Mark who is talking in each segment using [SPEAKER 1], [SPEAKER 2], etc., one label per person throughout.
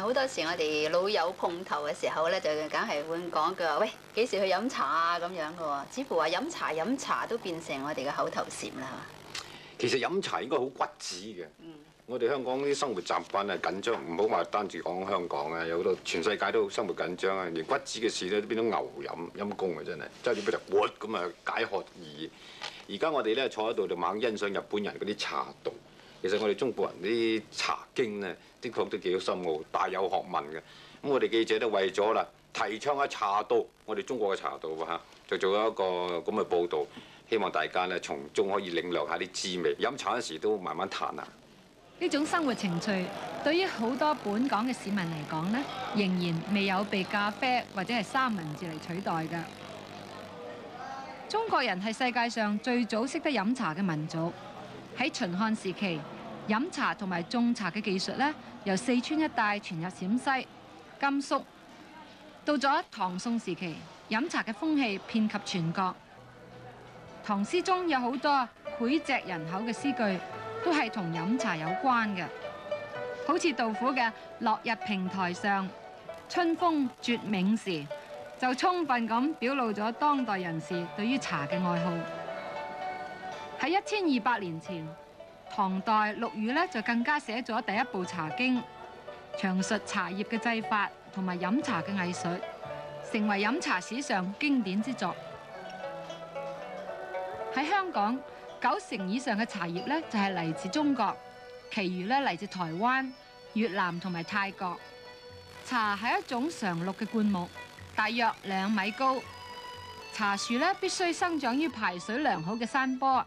[SPEAKER 1] 好多時我哋老友碰頭嘅時候咧，就梗係會講句話，喂，幾時去飲茶啊？咁樣嘅喎，似乎話飲茶飲茶都變成我哋嘅口頭禪啦。嚇，
[SPEAKER 2] 其實飲茶應該好骨子嘅。嗯，我哋香港啲生活習慣啊，緊張，唔好話單止講香港啊，有好多全世界都生活緊張啊，連骨子嘅事咧都變咗牛飲陰公啊，真係，真係要不就活咁啊解渴而已。而家我哋咧坐喺度就猛欣賞日本人嗰啲茶道。其實我哋中國人啲茶經呢，的確都幾深奧，大有學問嘅。咁我哋記者都為咗啦，提倡一下茶道，我哋中國嘅茶道嚇、啊，就做咗一個咁嘅報導，希望大家咧從中可以領略下啲滋味。飲茶嗰時都慢慢嘆啊！
[SPEAKER 1] 呢種生活情趣對於好多本港嘅市民嚟講呢，仍然未有被咖啡或者係三文治嚟取代嘅。中國人係世界上最早識得飲茶嘅民族。喺秦漢時期，飲茶同埋種茶嘅技術咧，由四川一帶傳入陝西、甘肅。到咗唐宋時期，飲茶嘅風氣遍及全國。唐詩中有好多膾炙人口嘅詩句，都係同飲茶有關嘅，好似杜甫嘅《落日平台上，春風絕鳴時》，就充分咁表露咗當代人士對於茶嘅愛好。喺一千二百年前，唐代陸羽咧就更加寫咗第一部茶經，詳述茶葉嘅製法同埋飲茶嘅藝術，成為飲茶史上經典之作。喺香港，九成以上嘅茶葉咧就係嚟自中國，其餘咧嚟自台灣、越南同埋泰國。茶係一種常綠嘅灌木，大約兩米高。茶樹咧必須生長於排水良好嘅山坡。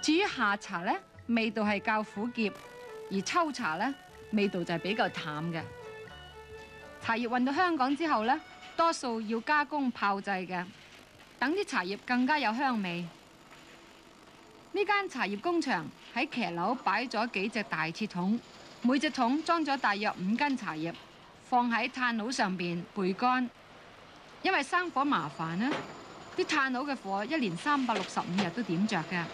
[SPEAKER 1] 至於夏茶呢，味道係較苦澀；而秋茶呢，味道就係比較淡嘅。茶葉運到香港之後呢，多數要加工炮製嘅，等啲茶葉更加有香味。呢間茶葉工廠喺騎樓擺咗幾隻大鐵桶，每隻桶裝咗大約五斤茶葉，放喺炭爐上邊焙乾。乾因為生火麻煩啊，啲炭爐嘅火一年三百六十五日都點着嘅。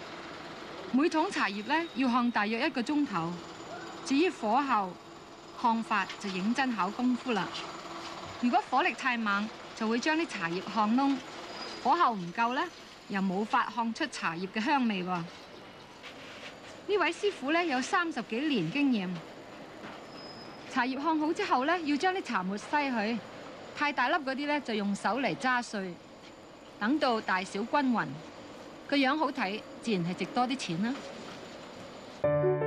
[SPEAKER 1] 每桶茶葉咧要烘大約一個鐘頭，至於火候烘法就認真考功夫啦。如果火力太猛，就會將啲茶葉烘㶶；火候唔夠咧，又冇法烘出茶葉嘅香味喎。呢位師傅咧有三十幾年經驗，茶葉烘好之後咧要將啲茶沫篩去，太大粒嗰啲咧就用手嚟揸碎，等到大小均勻。個樣好睇，自然係值多啲錢啦。